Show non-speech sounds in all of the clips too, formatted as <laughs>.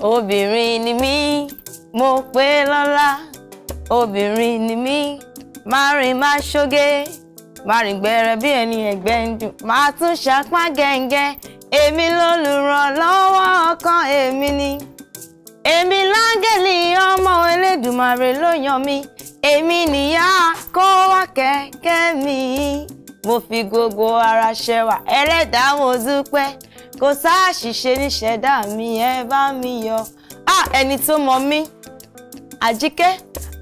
obìnrin ni mí mo pé lọ́lá obìnrin ni mí má rìn má ṣoge má rìn gbẹrẹ bí ẹni ẹ̀gbẹ́ ń dùn má tún ṣapá gẹ̀ǹgẹ̀ èmi lólùrànlọ́wọ́ ọkàn èmi ni èmi láńgẹ̀lì ọmọ Elédùmarè ló yan mi. èmi nìyá kó wá kẹ̀kẹ́ mi mo fi gbogbo ara ṣẹwà ẹlẹ́dàá mo dúpẹ́. kò sáàṣìṣe níṣẹ̀dá mi ẹ bá mi yọ ah ẹni tó mọ mí àjíkẹ́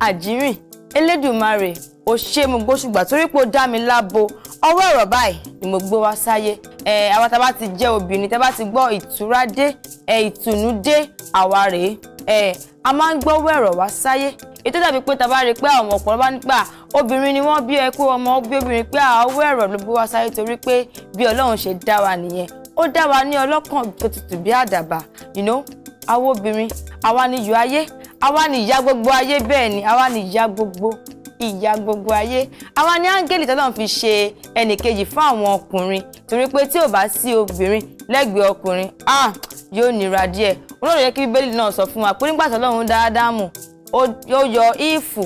àjírìn elédùnmarè ò ṣe mo gbóṣùgbà torí pé ó dá mi lábo ọwọ́ ọ̀rọ̀ báyìí ni mo gbé wá sáyé ẹ àwa tá a bá ti jẹ́ obìnrin tá a bá ti gbọ́ ìtura dé ẹ ìtùnú dé àwa rèé ẹ a máa ń gbọ́wọ́ ẹ̀rọ̀ wá sáyé ètò dàbí pé tá a bá rí i pé àwọn ọ̀pọ̀lọpọ̀ bá ní pé obìnrin ni wọ́n bí ẹ pé ọmọ bí obìnrin pé àwọ̀ ẹ̀rọ̀ ló bí wá sáyé torí pé bí Ọlọ́run ṣe dá wa nìyẹn ó dá wa ní ọlọ́kàn tó tutù bí àdàbà you know àwọn obìnrin àwa ni yọ ayé àwa ni ìyá gbogbo ayé bẹ́ẹ̀ ni àwa ni ìyá gbogbo ìyá gbogbo ayé àwa ni áńgẹ́lì tọ́lọ́run fi ṣe ẹnìkejì fún àwọn ọkùnrin torí pé tí ò bá sí obìnrin lẹ́gbẹ̀ẹ́ ọkùnrin ah yóò nira díẹ̀ wọn lóòrè kí bíbélì náà sọ fún wa pé nígbà tọ́lọ́run dá Ádámù ó yọ ífù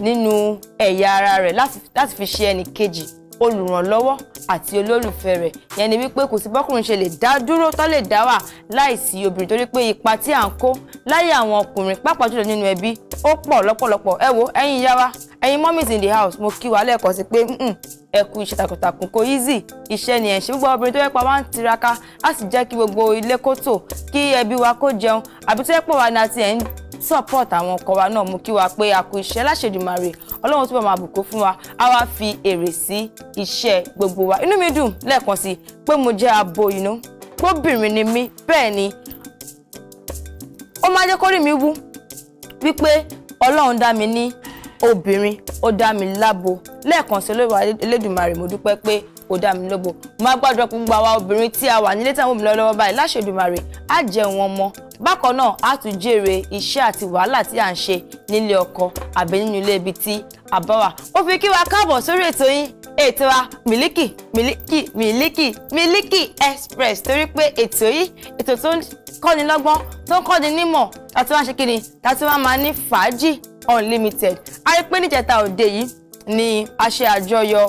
nínú ẹ̀yà ara rẹ̀ láti fi ṣe ẹnìkejì olùrànlọ́wọ́ àti olólùfẹ́ rẹ̀ yẹn ni wípé kò sí bọ́kùnrin ṣe lè dá dúró tó lè dá wà láìsí obìnrin torí pé ipa tí à ń kó láyé àwọn ọkùnrin pàápàá jùlọ nínú ẹbí ó pọ̀ lọ́pọ̀lọpọ̀ ẹ wo ẹ̀yin ìyá wa ẹ̀yin mummies in the house mo kí wa lẹ́ẹ̀kan sí pé ẹ kú iṣẹ́ takuntakun kò easy iṣẹ́ ni ẹ̀ ń ṣe gbogbo obìnrin tó yẹ pa wá ń tiraka á sì jẹ́ kí gbogbo ilé kó tò kí ẹbí wa kó jẹun àbí tó yẹ pọ̀ wá ni a ti ẹ̀ ń support àwọn ọkọ wa náà mú kí wa pé a kú iṣẹ́ láṣẹdùmarè ọlọ́run tó bá máa bùkún fún wa a wá fi èrè sí iṣẹ́ gbogbo wa inú mi dùn lẹ́ẹ̀kan sí pé mo jẹ́ abo inú gbóbìnrin ni mí bẹ́ẹ̀ ni ó máa jẹ́ kórìí mi wú wípé ọlọ́run dá mi ní obìnrin ó dá mi lábo lẹ́ẹ̀kan sí olóòwò elédùnmarè mo dúpẹ́ pé ó dá mi lóbo máa gbàdúrà gbogbo àwa obìnrin tí a wà nílé táwọn obìnrin lọ́wọ́ báyìí láṣẹ Èdùmàrè á jẹun ọmọ bákan náà a tún jèrè iṣẹ́ àti wàhálà tí à ń ṣe nílé ọkọ àbí nínú ilé ibi tí a bá wà ó fi kí wa káàbọ̀ sórí ètò yín ètò wa Miliki mílíkì mílíkì mílíkì express torí pé ètò yìí ètò tó ń kọ́ni lọ́gbọ́n tó ń kọ́ni nímọ̀ láti wá ṣe kí ni láti wá máa ní fàájì unlimited a rí pé níjẹta òde yìí ni a ṣe àjọyọ̀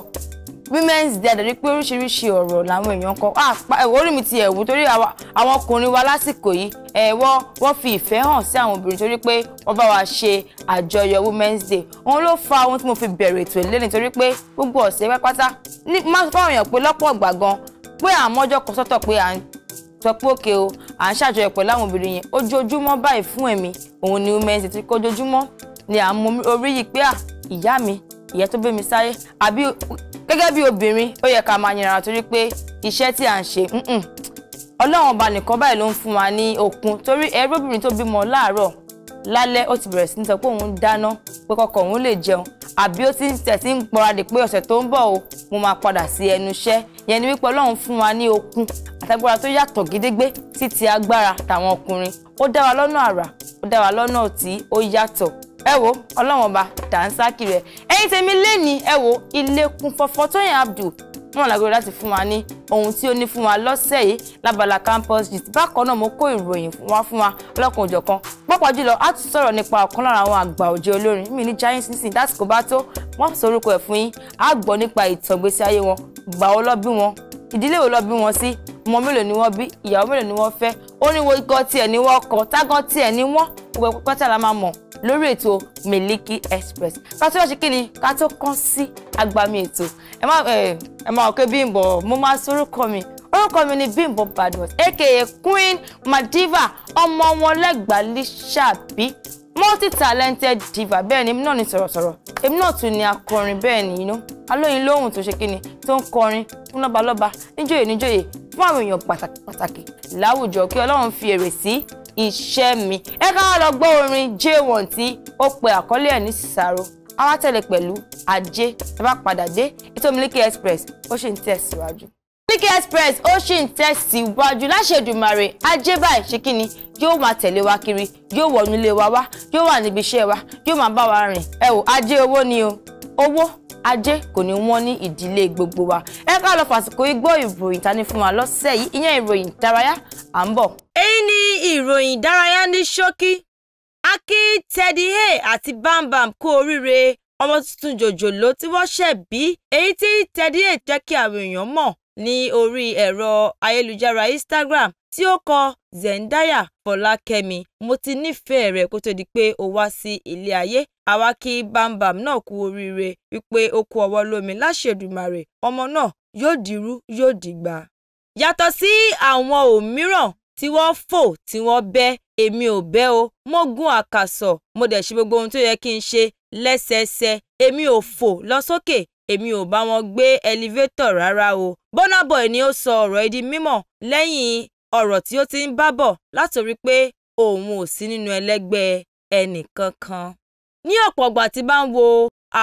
women's day àdàrí pé oríṣiríṣi ọ̀rọ̀ làwọn èèyàn kọ ah, orí mi ti ẹ̀wù torí àwọn ọkùnrin wa lásìkò yìí ẹ̀wọ́ wọ́n fi ìfẹ́ hàn sí àwọn obìnrin torí pé wọ́n bá wa ṣe àjọyọ̀ women's day òun ló fa ohun tí mo fi bẹ̀rẹ̀ ètò ìlé nítorí pé gbogbo ọ̀sẹ̀ pátá má fáwọn èèyàn pé lọ́pọ̀ ìgbà gan pé àmọ́jọ́ kan sọ́tọ̀ pé à ń sọ pé òkè o à ń ṣàjọyọ̀ pẹ̀lú àwọn obìnrin yẹn ojoojúmọ́ báyìí fún ẹ̀mí òun ni women's day kó ojoojúmọ́ ni à ń mú orí yìí pé à ìyá mi ìyá tó gbé mi sáyé àbí gẹ́gẹ́ bí obìnrin ó yẹ ká máa yẹra torí pé iṣẹ́ tí à ń ṣe ọlọ́run ọba nìkan báyìí ló ń fún wa ní okun torí ẹrú tó bímọ láàárọ̀ lálẹ́ ó ti bẹ̀rẹ̀ sí ní sọ pé òun dáná pé kọkọ òun lè jẹun àbí ó ti ń tẹ̀ sí ń pọradì pé ọ̀sẹ̀ tó ń bọ̀ o mo máa padà sí ẹnu iṣẹ́ yẹn ni wípé ọlọ́run fún wa ní okun àtagbára tó yàtọ̀ gédégbé sí agbára tàwọn ọkùnrin ó dá wa lọ́nà àrà ó dá wa lọ́nà tí ó yàtọ̀ ẹ wo ọlọ́wọ́n ọba dànsákì rẹ̀ ẹ̀yin tèmi lẹ́ni ẹ wo ilé Tóyìn Abdul wọn làgbé láti fún wa ní ohun tí ó ní fún wa lọ́sẹ̀ yìí lábala campus gist bákan náà mo kó ìròyìn wá fún wa lọ́kùn òjọ̀kan pọ́pọ̀ jùlọ a tún sọ̀rọ̀ nípa ọ̀kan lára àwọn àgbà òjò olórin mi ní giant sísìn dásìkò bá tó wọ́n sọ orúkọ ẹ̀ fún yín a gbọ́ nípa ìtàn ìgbésí ayé wọn gbà ó lọ bí wọn ìdílé wo lọ bí wọn sí ọmọ mélòó ni wọ́n bí ìyàwó mélòó ni wọ́n fẹ́ ó ní wo ikọ̀ tiẹ̀ ni wọ́n kọ tágán tiẹ̀ ni wọ́n gbogbo pátá la máa mọ̀ lórí ètò Miliki Express ká tó ṣe kíni ká tó kán sí agbami ètò ẹ má ẹ má òkè Bímbọ́ mo máa sorúkọ mi orúkọ mi ni Bímbọ́ Badmus aka Queen Madiva ọmọ wọn lẹ́gbàálí ṣàbí multi-talented diva bẹ́ẹ̀ ni náà ni sọ̀rọ̀sọ̀rọ̀ èmi náà tún ni akọrin bẹ́ẹ̀ ni inú alóyin lóhùn tó ṣe kíni tó ń kọrin fún lọ́balọ́ba níjòyè níjòyè fún àwọn èèyàn pàtàkì pàtàkì láwùjọ kí Ọlọ́run fi èrè sí iṣẹ́ mi ẹ ká wá lọ gbọ́ orin j1 tí ó pe àkọlé ẹ̀ ní sísàrò àwa tẹ̀lé pẹ̀lú ajé ẹ bá padà dé ètò Miliki Express ó sì ń tẹ̀síwájú. Miliki Express ó sì ń tẹ̀síwájú láṣẹ Èdùmàrè ajé báyìí ṣe kíni yóò máa tẹ̀lé wa kiri yóò wọnú ilé wa wá yóò wà níbi iṣẹ́ wa yóò máa bá wa rìn ẹ wò ajé owó ni o owó ajé kò ní wọ́n ní ìdílé gbogbo wa ẹ ká lọ fàsìkò igbó ìròyìn tani fún wa lọ́sẹ̀ yìí ìyẹn ìròyìn ìdárayá à ń bọ̀. èyí ni ìròyìn ìdárayá ní ṣókí akí teddy hay àti bambam kú oríire ọmọ tuntun jòjòló tí wọ́n ṣẹ̀ bí èyí tí teddy hay jẹ́ kí àwọn èèyàn mọ̀ ní orí ẹ̀rọ ayélujára instagram tí ó kọ zendaya fọlákẹ́mi mo ti nífẹ̀ẹ́ rẹ̀ kó tó di pé ó wá sí ilé ayé àwa kí bambam náà kú oríire wípé ó kú ọwọ́ lómi láṣẹ̀dùmarè ọmọ náà yóò dirú yóò dìgbà yàtọ̀ sí àwọn òmíràn tí wọ́n fò tí wọ́n bẹ́ èmi ò bẹ́ o mo gun àkàsọ̀ mo dẹ̀ ṣe gbogbo ohun tó yẹ kí n ṣe lẹ́sẹẹsẹ èmi ò fò lọ sókè èmi ò bá wọn gbé ẹlivétọ̀ rárá o Burna ni ó sọ ọ̀rọ̀ ẹ̀ di mímọ̀ lẹ́yìn ọ̀rọ̀ tí ó ti ń bá bọ̀ látòrí pé òun ò sí nínú ẹlẹ́gbẹ́ ẹnìkankan ní ọ̀pọ̀ ọgbà tí bá ń wo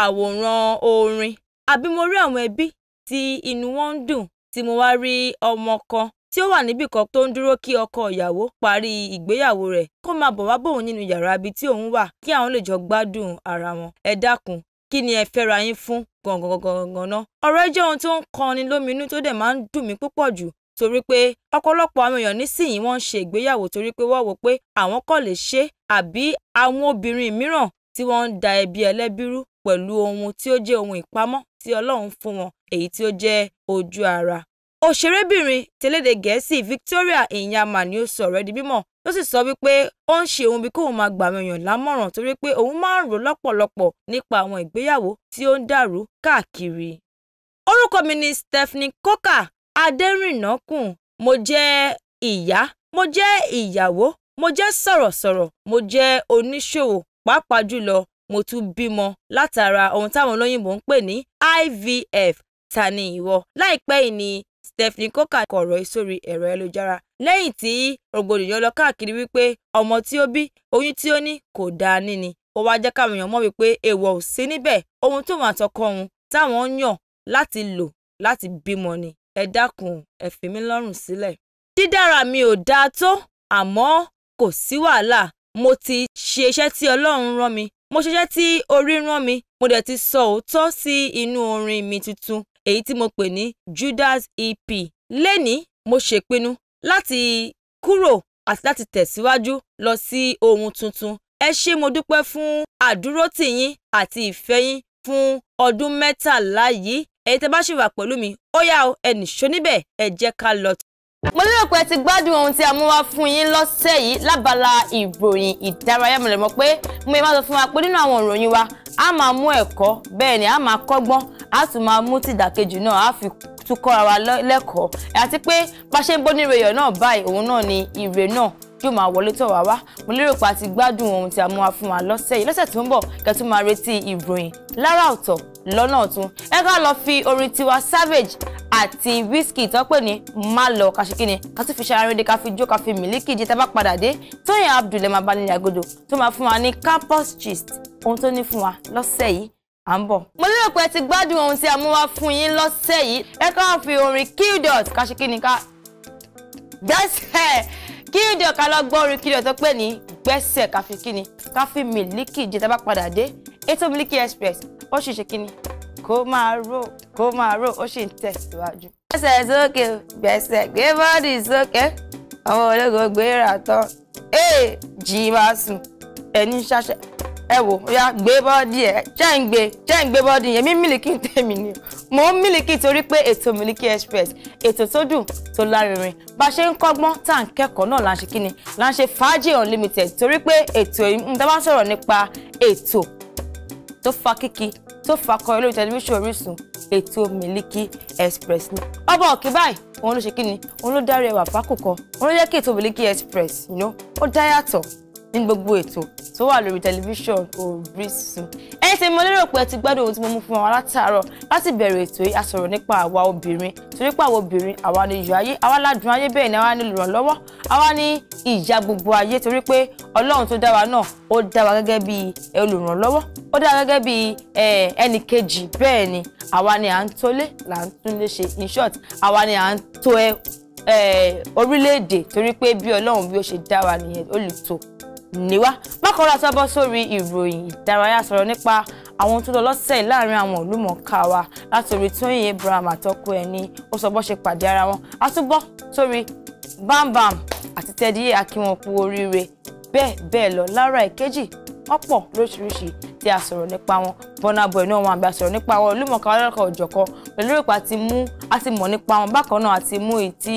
àwòrán orin àbí mo rí àwọn ẹbí tí inú wọn ń dùn tí mo wá rí ọmọ kan tí ó wà níbìkan tó ń dúró kí ọkọ ìyàwó parí ìgbéyàwó rẹ̀ kó máa bọ̀ wá bòun nínú yàrá ibi tí òun wà kí àwọn lè jọ gbádùn ara wọn ẹ dákun kí ni ẹ fẹ́ra yín fún gangan náà. ọ̀rọ̀ ẹ jẹ́ ohun tó ń kọni lóminú tó dẹ̀ máa ń dùn mí púpọ̀ jù torí pé ọ̀pọ̀lọpọ̀ àwọn èèyàn nísìnyìí wọ́n ń ṣe ìgbéyàwó torí pé wọ́n wò pé àwọn kò lè ṣe àbí àwọn obìnrin mìíràn tí wọ́n ń da ẹbí ẹlẹ́bírú pẹ̀lú ohun tí ó jẹ́ ohun ìpamọ́ tí Ọlọ́run fún wọn èyí tí ó jẹ́ ojú ara. Òṣèrébìnrin tẹ̀lédè Gẹ̀ẹ́sì Victoria Inyama ni ó sọ ọ̀rọ̀ di mímọ̀ tó sì sọ wípé ó ń ṣe òun bí kóun máa gbà àwọn èèyàn lámọ̀ràn torí pé òun máa ń rò lọ́pọ̀lọpọ̀ nípa àwọn ìgbéyàwó tí ó ń dàrú káàkiri. Orúkọ mi ni Stephanie Coker Adérìnàkùn mo jẹ́ ìyá mo jẹ́ ìyàwó mo jẹ́ sọ̀rọ̀sọ̀rọ̀ mo jẹ́ oníṣòwò pàápàá jùlọ mo tún bímọ látara ohun táwọn olóyìnbó ń pè ní IVF ta ni ìwọ láìpẹ́ yìí ni Stephanie Coker kọ ọ̀rọ̀ sórí ẹ̀rọ ayélujára lẹ́yìn tí rògbòdìyàn lọ káàkiri wípé ọmọ tí ó bí oyún tí ó ní kò dáa níni ó wá jẹ́ káwọn èèyàn mọ̀ wípé èèwọ̀ ò sí níbẹ̀ ohun tóun àtọkọ òun táwọn yàn láti lò láti bímọ ni ẹ dákun ẹ fi mí lọ́rùn sílẹ̀. dídára mi ò dáa tó àmọ́ kò sí wàhálà mo ti ṣe iṣẹ́ tí Ọlọ́run rán mi mo ṣiṣẹ́ tí orí rán mi mo dẹ̀ ti sọ òótọ́ sí inú orin mi tuntun èyí tí mo pè ní Judas EP lẹ́ni mo ṣèpinnu láti kúrò àti láti tẹ̀síwájú lọ sí ohun tuntun ẹ ṣé mo dúpẹ́ fún àdúrótì yín àti ìfẹ́ yín fún ọdún mẹ́tàlá yìí èyí tẹ́ bá ṣì wà pẹ̀lú mi ó yá o ẹ níbẹ̀ ẹ jẹ́ ká lọ mo lérò pé ẹ ti gbádùn ohun tí a mú wá fún yín lọ́sẹ̀ yìí lábala ìròyìn ìdárayá mo lè mọ̀ pé mo máa sọ fún wa pé nínú àwọn ìròyìn wa a máa mú ẹ̀kọ́ bẹ́ẹ̀ ni a máa kọ́gbọ́n a tún máa mú tìdàkejì náà a fi tún kọ́ra wa lẹ́kọ̀ọ́ àti pé bá ń bọ́ nírò èèyàn náà báyìí òun náà ni ire náà yóò máa wọlé tọ̀ wá wá mo lérò pé a ti gbádùn ohun tí a mú wa fún wa lọ́sẹ̀ yìí lọ́sẹ̀ tó ń bọ̀ kẹ́ tún máa retí ìròyìn lára ọ̀tọ̀ lọ́nà ọ̀tún ẹ ká lọ fi orin tiwa savage àti whisky tó pè ní má lọ kàṣekínni ká tún fi ṣarárédé ká fi jó ká fi mílíkì jẹ tá padà dé tóyìn abdul ẹ máa bá nílẹ̀ àgọ́dọ̀ tó máa fún wa ní campus gist ohun tó ní fún wa lọ́sẹ̀ yìí à ń bọ̀. mo lérò pé ẹ ti gbádùn ohun tí a mú wá fún yín lọ́sẹ̀ yìí ẹ ká fi orin kill dot ká ká. that's <laughs> it. kíndìn ọ̀ka lọ gbọ́ orin kíndìn ọ̀tọ́ pé ní gbẹ́sẹ̀ káfí kíni káfí mílíkì jẹ́ tábà padà dé ètò mílíkì express ó sì ṣe kíni kó máa rò kó máa rò ó sì ń tẹ̀síwájú. gbẹ́sẹ̀ sókè gbẹ́sẹ̀ gbé bọ́ọ̀dì sókè ọmọ ológun gbéra tán ee jì máa sùn ẹni ṣàṣẹ ẹ wò ó yá gbé bọ́ọ̀dì ẹ̀ ṣẹ́ ń gbé ṣẹ́ ń gbé bọ́ọ̀dì yẹn mímìlì kí n tèmi ni mò ń mílíkì torí pé ètò Mílíkì Express ètò tó dùn tó lárinrin bá ṣe ń kọ́gbọ́n tá à ń kẹ́kọ̀ọ́ náà là ń ṣe kí ni là ń ṣe fàájì unlimited torí pé ètò ìdábà sọ̀rọ̀ nípa ètò tó fa kíkì tó fa kọ́ ilé tẹlifíṣàn Orísun ètò Mílíkì Express ni ọba òkè báyìí òun ló ṣe kí ni òun ló dárí ẹwà pákó kan òun ló jẹ́ kí ètò Mílíkì Express you know ó dá yàtọ̀ ní gbogbo ètò tó wà lórí tẹlifíṣàn Orísun ẹ̀yin tí mo lérò pé ti gbádùn ohun tí mo mú fún wa látàárọ̀ láti bẹ̀rẹ̀ ètò yìí a sọ̀rọ̀ nípa àwa obìnrin torí pé àwa obìnrin àwa ni iyọ̀ ayé àwa ládùn ayé bẹ́ẹ̀ ni àwa ni olùrànlọ́wọ́ àwa ni ìyá gbogbo ayé torí pé Ọlọ́run tó dá wa náà ó dá wa gẹ́gẹ́ bí olùrànlọ́wọ́ ó dá wa gẹ́gẹ́ bí ẹnì kejì bẹ́ẹ̀ ni àwa ni à ń tólé là ń túnlé ṣe in short àwa ni à ń tó orílẹ̀-èdè torí pé bí Ọlọ́run bí ó ṣe dá wa nìyẹn olùtò níwá bákan náà sábọ́ sórí ìròyìn ìdárayá sọ̀rọ̀ nípa àwọn tó lọ lọ́sẹ̀ láàrin àwọn olùmọ̀ọ́ká wa látòrí Tóyìn Abraham àtọ́kù ẹ̀ ní ó sọ bọ́ ṣe pàdé ara wọn àtúbọ̀ sórí bambam àti tẹ́díyé akínwọ̀n kú oríire bẹ́ẹ̀ bẹ́ẹ̀ lọ lára ìkejì ọ̀pọ̀ lóríṣiríṣi tí a sọ̀rọ̀ nípa wọn Burna Boy náà wọn àgbà nípa wọn olúmọ̀ọ́ká ọlọ́kọ̀ òjọ̀kan pẹ̀lú ìpa ti mú a ti mọ̀ nípa wọn bákan náà àti mú èyí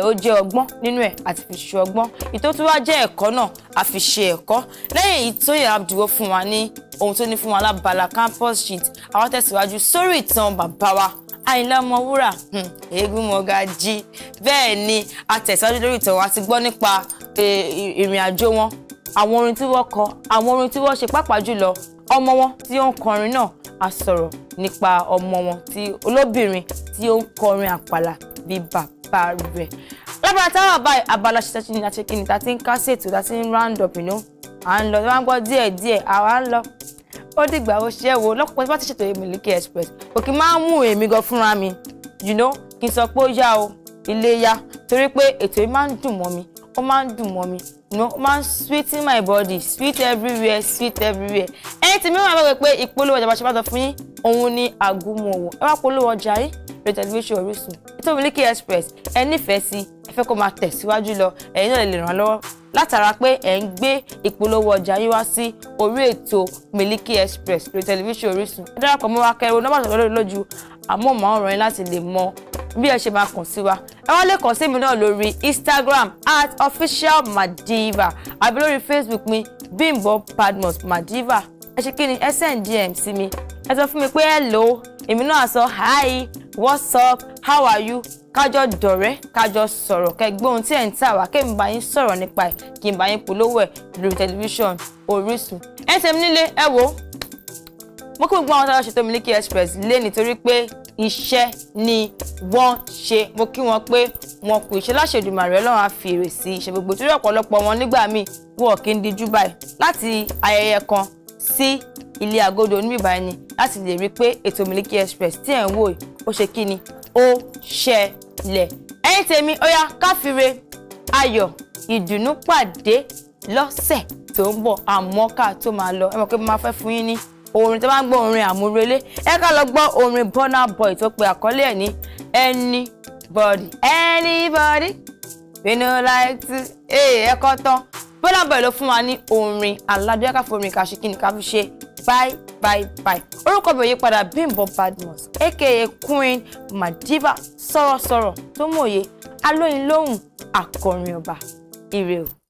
ó jẹ́ ọgbọ́n nínú ẹ̀ àti fi ṣe ọgbọ́n ìtótúwá jẹ́ ẹ̀kọ́ náà a fi ṣe ẹ̀kọ́ lẹ́yìn èyí àdúró fún wa ní ohun tó ní fún wa lábala campus sheet àwọn tẹ̀síwájú sórí ìtàn bàbá wa àyìnlá ọmọwúrà hmm, eégún mọ̀gá jí bẹ́ẹ̀ ni a tẹ̀síwájú lórí ìtàn wa ti gbọ́ nípa ìrìn àjò wọn àwọn orin tí wọ́n kọ àwọn orin tí wọ́n ṣe pàápàá jùlọ ọmọ wọn tí ó ń kọrin náà a sọ̀rọ̀ nípa ọmọ wọn tí olóbìnrin tí ó ń kọrin àpàlà bíi bàbá rẹ̀ lábàrá táwọn àbá abala ṣiṣẹ́ ṣe ní àṣekí ni tàti ń ká ṣètò tàti ń round up ìnú à ń lọ tí wọ́n ń gbọ́ díẹ̀ díẹ̀ àwa ń lọ ó dìgbà ó ṣe é wo lọ́pọ̀ tí wọ́n ti ṣètò Miliki Express kò kí máa ń mú èmi gan fúnra mi you know kí n sọ pé ó yá o ilé yá torí pé ètò yìí máa ń dùn mọ́ mi ó máa ń dùn mọ́ mi no ó máa ń sweet in my body sweet everywhere sweet everywhere ẹni tí mi máa bá wẹ pé ìpolówó ọjà bàṣẹ bá sọ fún yín òun ni àgúnmọ̀wò ẹ wá polówó ọjà yín lórí tẹlifíṣàn Orísun ètò Miliki Express ẹ nífẹ̀ẹ́ sí ẹ fẹ́ kó máa tẹ̀síwájú lọ ẹ̀yin náà lè ràn lọ́wọ́ látara pé ẹ̀ ń gbé ìpolówó ọjà yín wá sí orí ètò Miliki Express lórí tẹlifíṣàn Orísun ẹ darapọ̀ mọ́ wa kẹrin nọ́mbà tó lọ́dọ̀ lójú àmọ́ màá ràn yín láti lè mọ bí ẹ ṣe máa kàn sí wa ẹ wá lè kàn sí mi náà lórí instagram at official madiva àbí lórí facebook mi bimbo padmos madiva ẹ ṣe kí ni ẹ send dm sí mi ẹ sọ fún mi pé hello èmi náà sọ hi what's up how are you kájọ dọ̀rẹ́ kájọ sọ̀rọ̀ kẹgbẹ́ ohun tí ẹ̀ ń tà wá kí n bá yín sọ̀rọ̀ nípa ẹ̀ kí n bá yín polówó ẹ̀ lórí tẹlifíṣàn orísun ẹ̀ ń tẹ̀mí nílé ẹ wo mo kí gbogbo àwọn tí wọ́n ṣètò Miliki Express lé nítorí pé iṣẹ́ ni wọ́n ṣe mo kí wọn pé wọn kò iṣẹ́ láṣẹ̀dùmàrè Ọlọ́run á fi èrè sí iṣẹ́ gbogbo torí ọ̀pọ̀lọpọ̀ wọn nígbà míì wọn kì í dijú báyìí láti ayẹyẹ kan sí ilé agodo níbí báyìí ni láti lè rí i pé ètò Miliki Express tí ẹ̀ ń wò yìí ó ṣe kí ni ó ṣẹlẹ̀ ẹ̀yin tèmi ó yá káfíre ayọ̀ ìdùnnú pàdé lọ́sẹ̀ tó ń bọ̀ àmọ́ ká tó máa lọ ẹ mọ̀ pé mo máa fẹ́ fún yín ní orin tó bá ń gbọ́ orin àmúrelé ẹ ká lọ gbọ́ orin Burna Boy tó pe àkọlé ẹ̀ ní anybody anybody we no like to eh, ẹ kọ́ tán Burna Boy ló fún wa ní orin aládùn ẹ ká fi orin kàṣí kí ni ká fi ṣe bye bye bye orúkọ bẹ̀rẹ̀ yípadà Bimbo Badmus aka Queen Madiva sọ̀rọ̀sọ̀rọ̀ tó mòye alóyin lóhùn akọrin ọba ire o.